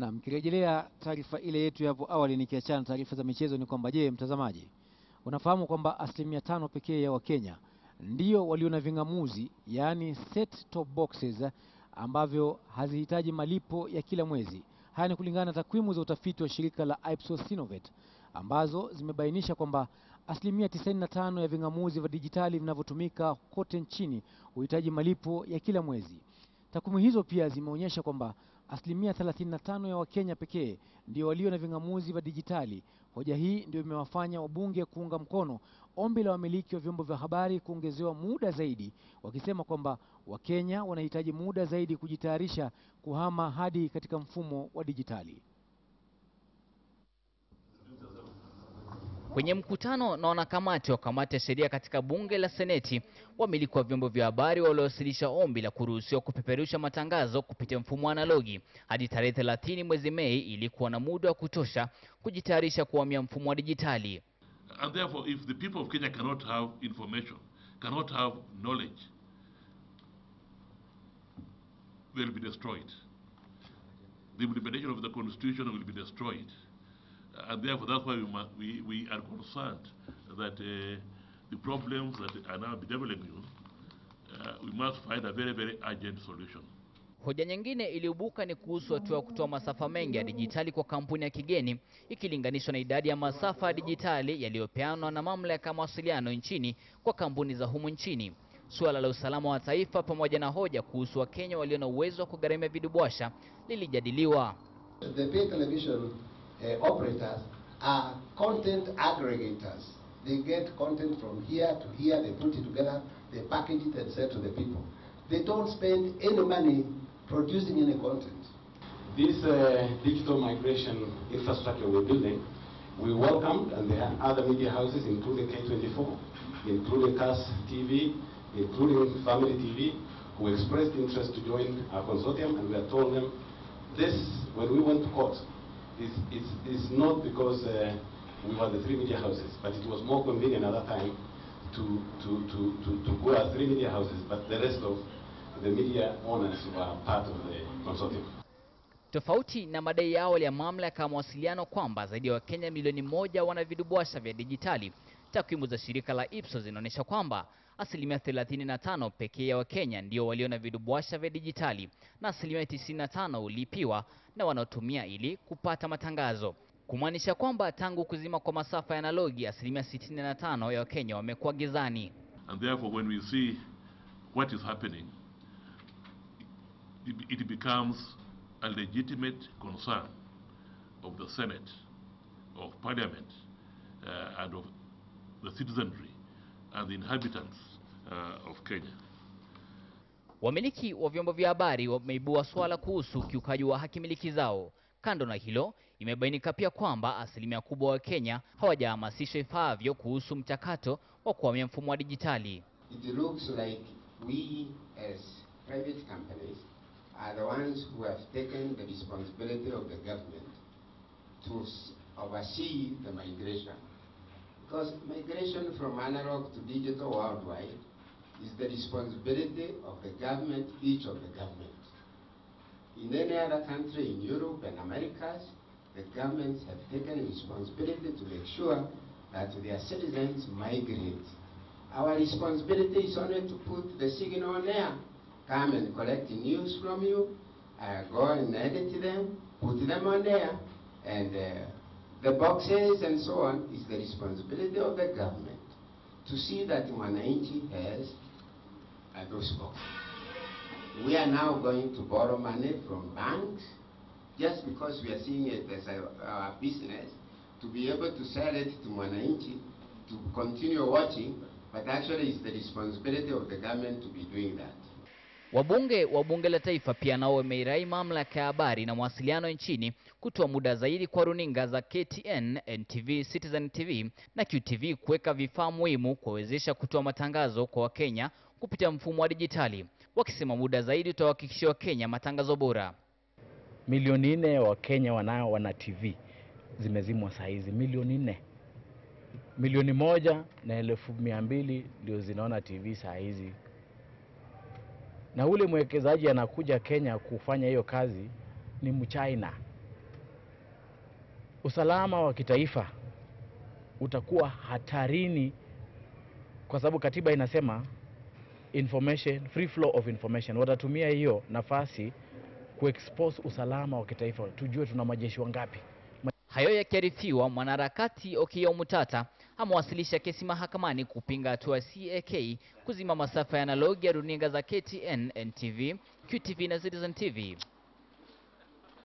Na mkirejelea taarifa ile yetu ya hapo awali, nikiachana taarifa za michezo, ni kwamba je, mtazamaji unafahamu kwamba asilimia tano pekee ya Wakenya ndio walio na ving'amuzi yaani set top boxes ambavyo hazihitaji malipo ya kila mwezi. Haya ni kulingana na takwimu za utafiti wa shirika la Ipsos Synovate ambazo zimebainisha kwamba asilimia 95 ya ving'amuzi vya dijitali vinavyotumika kote nchini huhitaji malipo ya kila mwezi. Takwimu hizo pia zimeonyesha kwamba Asilimia 35 ya Wakenya pekee ndio walio na ving'amuzi vya dijitali. Hoja hii ndio imewafanya wabunge kuunga mkono ombi la wamiliki wa vyombo vya habari kuongezewa muda zaidi, wakisema kwamba Wakenya wanahitaji muda zaidi kujitayarisha kuhama hadi katika mfumo wa dijitali. Kwenye mkutano na wanakamati wa kamati ya sheria katika bunge la seneti, wamiliki wa vyombo vya habari waliowasilisha ombi la kuruhusiwa kupeperusha matangazo kupitia mfumo wa analogi hadi tarehe 30 mwezi Mei ili kuwa na muda wa kutosha kujitayarisha kuhamia mfumo wa dijitali. And therefore if the people of Kenya cannot have information, cannot have knowledge, they'll be destroyed. The implementation of the constitution will be destroyed and therefore that's why we, must, we, we are concerned that uh, the problems that are now bedeviling you, uh, we must find a very, very urgent solution. Hoja nyingine iliyobuka ni kuhusu hatua ya kutoa masafa mengi ya dijitali kwa kampuni ya kigeni ikilinganishwa na idadi ya masafa ya dijitali yaliyopeanwa na mamlaka ya mawasiliano nchini kwa kampuni za humu nchini. Suala la usalama wa taifa pamoja na hoja kuhusu Wakenya walio na uwezo wa kugharamia vidubwasha lilijadiliwa. Uh, operators are content aggregators. They get content from here to here, they put it together, they package it and sell to the people. They don't spend any money producing any content. This uh, digital migration infrastructure we're building, we welcomed, and there are other media houses, including K24, including CAS TV, including Family TV, who expressed interest to join our consortium, and we are told them this, when we went to court, it's, it's, it's not because uh, we were the three media houses, but it was more convenient at that time to, to, to, to, to go as three media houses, but the rest of the media owners were part of the consortium. Tofauti na madai ya awali ya mamlaka ya mawasiliano kwamba zaidi ya Wakenya milioni moja wana vidubwasha vya dijitali, takwimu za shirika la Ipsos zinaonyesha kwamba asilimia 35 pekee ya Wakenya ndio walio na vidubwasha vya dijitali na asilimia 95 hulipiwa na wanaotumia ili kupata matangazo, kumaanisha kwamba tangu kuzima kwa masafa ya analogi, asilimia 65 ya Wakenya wamekuwa gizani. And therefore when we see what is happening it becomes a legitimate concern of the Senate, of Parliament, uh, and of the citizenry and the inhabitants uh, of Kenya. Wamiliki wa vyombo vya habari wameibua swala kuhusu ukiukaji wa haki miliki zao. Kando na hilo, imebainika pia kwamba asilimia kubwa wa Kenya hawajahamasishwa ifaavyo kuhusu mchakato wa kuhamia mfumo wa dijitali. It looks like we as private companies are the ones who have taken the responsibility of the government to oversee the migration. Because migration from analog to digital worldwide is the responsibility of the government, each of the government. In any other country in Europe and Americas, the governments have taken responsibility to make sure that their citizens migrate. Our responsibility is only to put the signal on air come and collect the news from you, uh, go and edit them, put them on there, and uh, the boxes and so on is the responsibility of the government to see that Mwananchi has uh, those boxes. We are now going to borrow money from banks just because we are seeing it as a, our business to be able to sell it to Mwananchi to continue watching, but actually it's the responsibility of the government to be doing that. Wabunge wa Bunge la Taifa pia nao wameirai Mamlaka ya Habari na Mawasiliano nchini kutoa muda zaidi kwa runinga za KTN, NTV, Citizen TV na QTV kuweka vifaa muhimu kuwawezesha kutoa matangazo kwa Wakenya kupitia mfumo wa dijitali, wakisema muda zaidi utawahakikishia Wakenya matangazo bora. Milioni nne wa Wakenya wanao wana TV zimezimwa saa hizi, milioni nne milioni moja na elfu mia mbili ndio zinaona TV saa hizi na ule mwekezaji anakuja Kenya kufanya hiyo kazi ni Mchina, usalama wa kitaifa utakuwa hatarini, kwa sababu katiba inasema information, free flow of information. Watatumia hiyo nafasi kuexpose usalama wa kitaifa, tujue tuna majeshi wangapi. Hayo yakiarifiwa, mwanaharakati Okiya mutata amewasilisha kesi mahakamani kupinga hatua CAK kuzima masafa ya analogi ya runinga za KTN, NTV, QTV na Citizen TV.